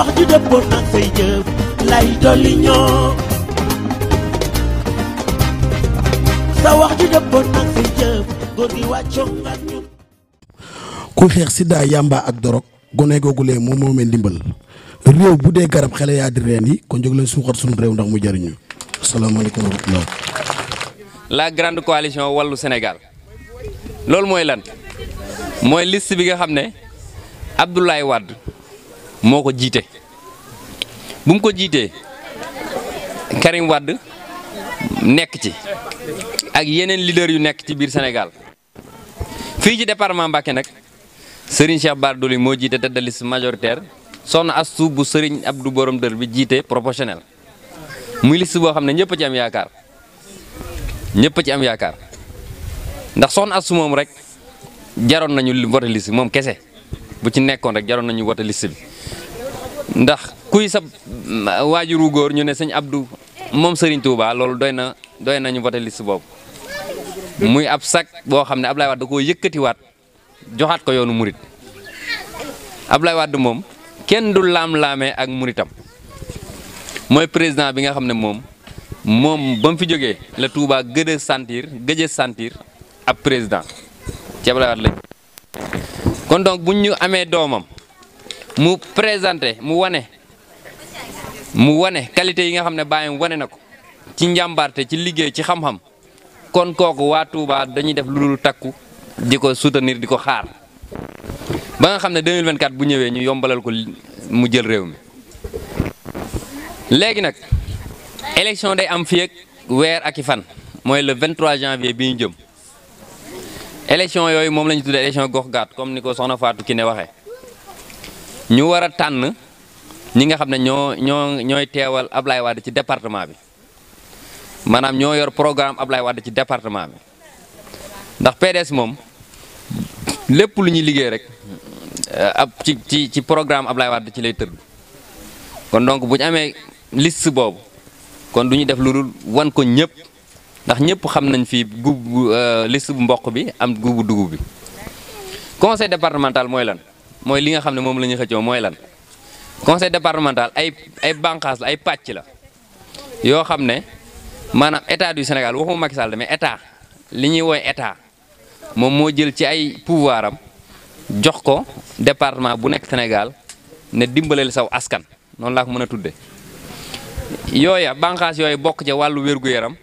ku xeex sida yàmba ak dorog gone googulee moom moomee ndimbal réew bu dee garab xale yaa di reen yi kon jóg leen suuxat suñu réew ndax mu jëriñu la grande coalition wàllu Sénégal loolu mooy lan mooy liste bi nga xam ne Abdoulaye Wade moo ko jiite bu mu ko jiitee Karim Wade nekk ci ak yeneen leader yu nekk ci biir Sénégal fii ci département Mbacké nag Serigne Cheikh Bara Dolly moo jiite tête de liste majoritaire soxna Astou bu Serigne du Borom Dër bi jiite proportionnel muy liste boo xam ne ñëpp ci am yaakaar ñëpp ci am yaakaar ndax soxna Astou moom rek jaroon nañu vote liste moom kese bu ci nekkoon rek jaroon nañu vote liste bi. ndax kuy sa waajuru góor ñu ne sëñ Abdou moom Serigne Touba loolu doy na doy nañu voté liste boobu muy ab sac boo xam ne Ablaye Wade da koo yëkkatiwaat joxaat ko yoonu murit Ablaye Wade moom kenn du laam-laamee ak muritam mooy président bi nga xam ne moom moom ba mu fi jógee la tuubaa gëj a sentir gëj a sentir ab président ci Ablaye Wade lañ kon donc buñ ñu amee doomam. mu présenté mu wane mu wane qualité yi nga xam ne bàyyam wane na ko ci njàmbaarte ci liggéey ci xam-xam kon kooku waa Touba dañuy def lu dul takku di ko soutenir di ko xaar ba nga xam ne 2024 bu ñëwee ñu yombalal ko mu jël réew mi léegi nag élection day am fii ak weer ak i fan mooy le 23 janvier bi ñu jëm élection yooyu moom la ñu tuddee élection gox gaat comme ni ko soxna Fatou ne waxee ñu war a tànn ñi nga xam ne ñoo ñoo ñooy teewal Ablaye Wade ci département bi maanaam ñoo yor programme Ablaye Wade ci département bi ndax PDS moom lépp lu ñuy liggéey rek eh, ab ci ci ci programme Ablaye Wade ci lay tëdd kon donc buñ amee list boobu kon du ñu def lu dul wan ko ñëpp ndax ñëpp xam nañ fii guub eh, liste bu mboq bi am guubu dugub bi conseil départemental mooy lan. mooy li nga xam ne moom la ñu xëccoo mooy lan conseil départemental ay ay bànqaas la ay pàcc la yoo xam ne maanaam état du Sénégal waxuma Macky Sall mais état li ñuy woy état moom moo jël ci ay pouvoir am jox ko département bu nekk Sénégal ne dimbaleel saw askan noonu laa ko mën a tudde yooya bànqaas yooyu bokk ca wàllu wér-gu-yaram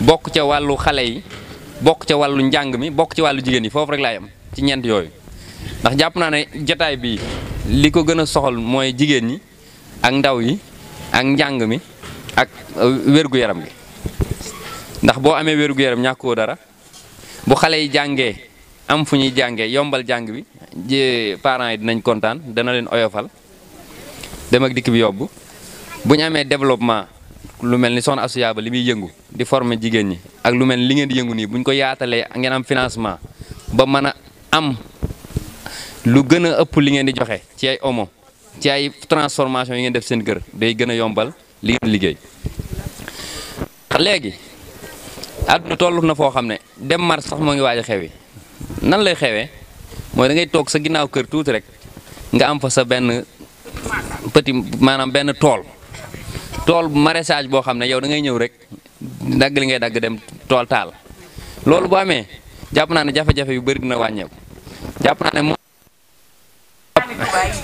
bokk ca wàllu xale yi bokk ca wàllu njàng mi bokk ci wàllu jigéen yi foofu rek laay am ci ñeent yooyu ndax jàpp naa ne jataay bii li ko gën a soxal mooy jigéen ñi ak ndaw yi ak njàng mi ak euh, wér-gu-yaram gi ndax boo amee wér-gu-yaram ñàkkoo dara bu xale yi jàngee am fu ñuy jàngee yombal jàng bi ji parents yi dinañ kontaan dana leen oyofal dem ak dikk bi yobbu bu ñu amee développement lu mel ni soxna Astou li muy yëngu di forme jigéen ñi ak lu mel ni li ngeen yëngu nii bu ñu ko yaatalee ngeen am financement ba mën a am lu gën a ëpp li ngeen di joxe ci ay omo ci ay transformation yi ngeen def seen kër day gën a yombal li ngeen liggéey léegi àdduna tollu na foo xam ne dem mars sax moo ngi waaj a xewi nan lay xewee mooy da ngay toog sa ginnaaw kër tuuti rek nga am fa sa benn petit maanaam benn tool tool maraîchage boo xam ne yow da ngay ñëw rek dagg li ngay dagg dem tool taal loolu bu amee jàpp naa ne jafe-jafe yu bari dina wàññeeku jàpp naa ne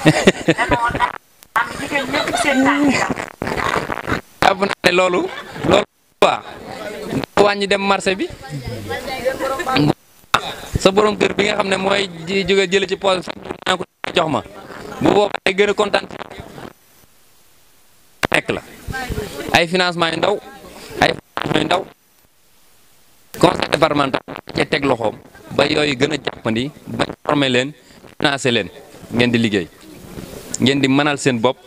jàpp naa ne loolu loolu waa nga wàññi dem marché bi sa boroom kër bi nga xam ne mooy jóge jële ci poos naa jox ma bu boobaa day gën a kontaan nekk la ay financement yu ndaw ay financement yu ndaw conseil départemental ca teg loxoom ba yooyu gën a jàppandi ba formé leen financé leen ngeen di liggéey ngeen di mënal seen bopp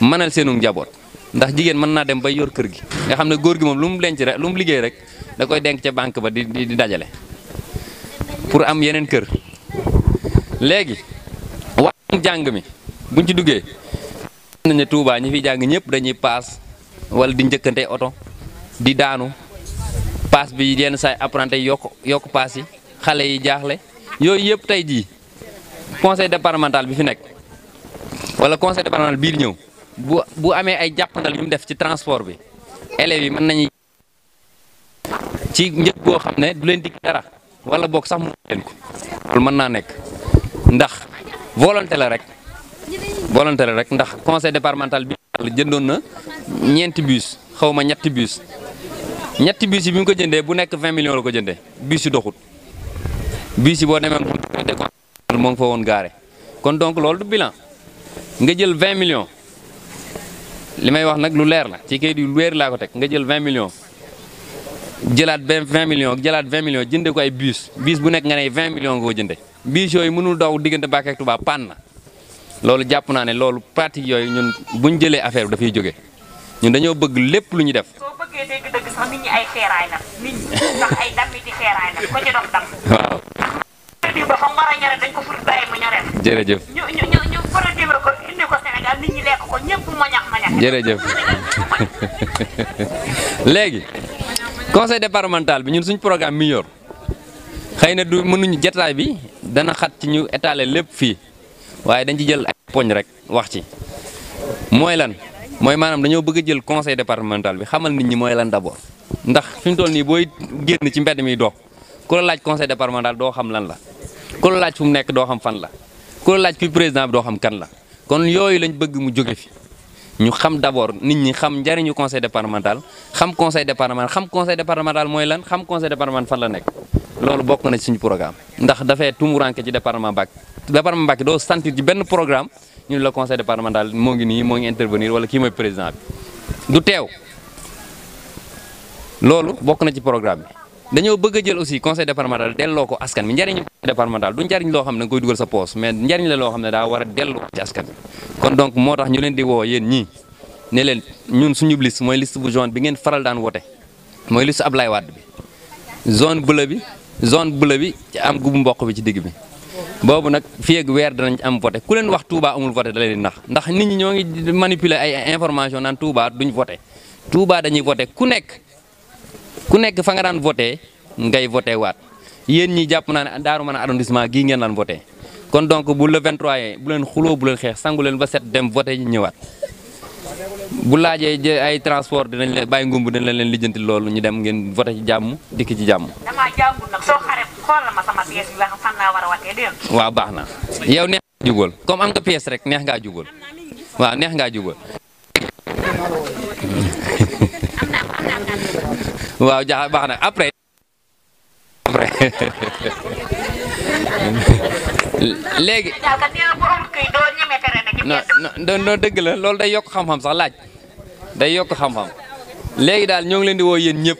mënal seenu njaboot ndax jigéen mën naa dem ba yor kër gi nga xam ne góor gi moom lu mu denc rek lu mu liggéey rek da koy denc ca banque ba di di dajale pour am yeneen kër léegi wàllum jàng mi buñ ci duggee nañ ne Touba ñi fi jàng ñëpp dañuy paas wala di njëkkante oto di daanu paas bi yenn saay apprenti yokk yokk paas yi xale yi jaaxle yooyu yëpp tey jii conseil départemental bi fi nekk wala conseil départemental biir ñëw bu bu amee ay jàppandal yu mu def ci transport bi élèves yi mën nañu ci njëg boo xam ne du leen dig dara wala boog sax mu leen ko mën naa nekk ndax volonté la rek volonté rek ndax conseil départemental bi jëndoon na ñeenti bus xaw ma ñetti bus ñetti bus yi bi mu ko jëndee bu nekk 20 millions la ko jëndee bus yi doxut bus yi boo demee moom fa woon gaare kon donc loolu du bilan. nga jël 20 millions li may wax nag lu leer la ci kayit yu leer laa ko teg nga jël 20 millions jëlaat benn 20 millions jëlaat 20 millions jënde ko ay bus bus bu nekk nga ne 20 millions nga ko jënde bus yooyu mënul daw diggante Mbacké ak Touba panne na loolu jàpp naa ne loolu pratique yooyu ñun bu ñu jëlee affaire bi dafay jóge ñun dañoo bëgg lépp lu ñu def. soo bëggee dégg-dëgg sax nit ñi ay xeeraay na nit ñi produire ko indi ko Sénégal léegi conseil départemental bi ñun suñ programme mi xëy na du mënuñu jataay bi dana xat ci ñu étaler lépp fii waaye dañu ci jël ay poñ rek wax ci mooy lan mooy maanaam dañoo bëgg jël conseil départemental bi xamal nit ñi mooy lan d'abord ndax fi mu toll nii booy génn ci mbedd mi dox ku la laaj conseil départemental doo xam lan la ku la laaj fu mu nekk doo xam fan la. ku la laaj kuy président bi doo xam kan la kon yooyu lañ bëgg mu jóge fi ñu xam d'abord nit ñi xam njariñu conseil départemental xam conseil départemental xam conseil départemental mooy lan xam conseil départemental fan la nekk loolu bokk na ci suñu programme ndax dafay tumuranke ci département Mbacké département Mbacké doo sentir ci benn programme ñu la conseil départemental moo ngi nii moo ngi intervenir wala kii mooy président bi du teew loolu bokk na ci programme bi dañoo bëgg a jël aussi conseil départemental delloo ko askan bi njariñu conseil départemental du njariñ loo xam ne da nga koy dugal njariñ loo xam ne daa war a delloo ci askan bi kon donc moo tax ñu leen di woo yéen ñii ne leen ñun suñu liste mooy list bu jaune bi ngeen faral daan wote mooy liste Ablaye Wade bi zone bleue bi zone bleue bi ci am gubu mboq bi ci digg bi boobu nag fii ak weer danañ am voté ku leen wax Touba amul voté da leen nax ndax nit ñi ñoo ngi manipuler ay information naan Touba duñ voté Touba dañuy voté ku nekk ku nekk fa nga daan voté ngay voté waat yéen ñi jàpp naa ne daaru man a arrondissement gii ngeen daan voté kon donc bu le 23 bu leen xuloo bu leen xeex sangu leen ba set dem voté ñu ñëwaat bu laajee ay transport dinañ leen bàyyi ngumb dinañ leen lijjanti loolu ñu dem ngeen voté ci jàmm dikk ci jàmm. damaa waaw baax na yow neex ngaa jugal comme am nga pièce rek neex ngaa jugal waaw neex ngaa jugal waaw jaaxa baax na après après léegi non non dëgg la loolu day yokk xam-xam sax laaj day yokk xam-xam léegi daal ñoo ngi leen di woo yéen ñëpp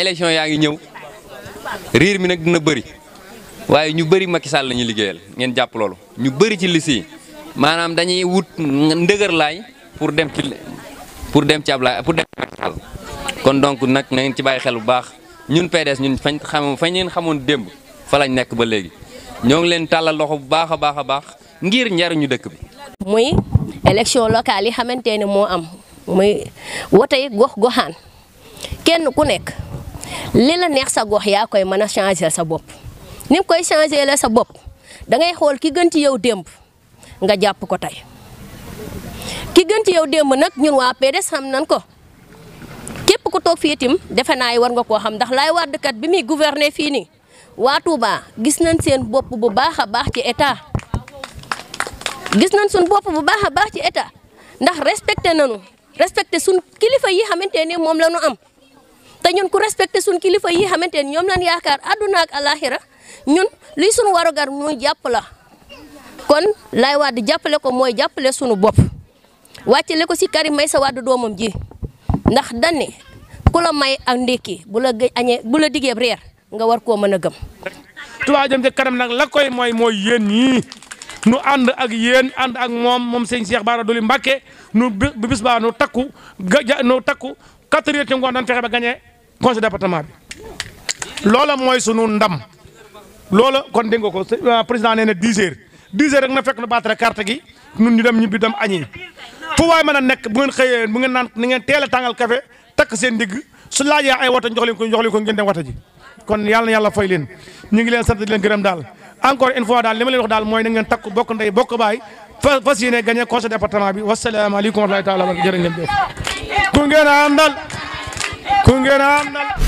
élection yaa ngi ñëw riir mi nag dina bëri waaye ñu bari Macky Sall la liggéeyal ngeen jàpp loolu ñu bëri ci liste maanaam dañuy wut ndëgër laay pour dem ci pour dem ci Ablaye pour dem ci Macky Sall kon donc nag na ngeen ci bàyyi xel bu baax ñun pedes ñun fañ xam fañ leen xamoon démb fa lañ nekk ba léegi ñoo ngi leen tàllal loxo bu baax a baax a baax ngir njariñu dëkk bi. muy élection locale yi xamante ne moo am muy wote yi gox goxaan kenn ku nekk li la neex sa gox yaa koy mën a changer sa bopp ni koy changer la sa bopp da ngay xool ki gën ci yow démb nga jàpp ko tey ki gën ci yow démb nag ñun waa PDS xam nañ ko. ku fii itam defe naa war nga koo xam ndax Laay Wàdd bi muy gouverner fii nii waa Touba gis nañ seen bopp bu baax a baax ci état gis nañ suñ bopp bu baax a baax ci état ndax respecté nañu respecté suñ kilifa yi xamante ne moom la ñu am te ñun ku respecté suñ kilifa yi xamante ne ñoom lañ yaakaar àdduna ak alaxira ñun luy suñu warugar ñu jàpp la kon Laay Wàdd jàppale ko mooy jàppale suñu bopp wàccale ko si Karim sa Wade doomam ji ndax dañ ku la may ak ndékki bu la gëj añee bu la digee reer nga war koo mën a gëm. Touba Jëm ca kanam nag la koy mooy mooy yéen ñii nu ànd ak yéen ànd ak moom moom sëñ Cheikh Bara Dolly Mbacké nu bu bis baa nu takku ga nu takku quatre heures ci ngoon dañ fexe ba gagné conseil département bi. loola mooy sunu ndam loola kon dégg nga ko président nee na dix heures dix rek na fekk nu battre gi nun ñu dem ñibbi dem añi fu waay mën a nekk bu ngeen xëyee bu ngeen naan ni ngeen a tàngal café takk seen digg su ay woto jox leen ko jox leen kon yàlla na yàlla fay leen ñu ngi daal encore une fois daal li daal mooy na takk bokk ndey bokk baay fa fas conseil département bi wasalaamaaleykum wa rahmatulah jërë ngeen jëf ngeen a àndal ku ngeen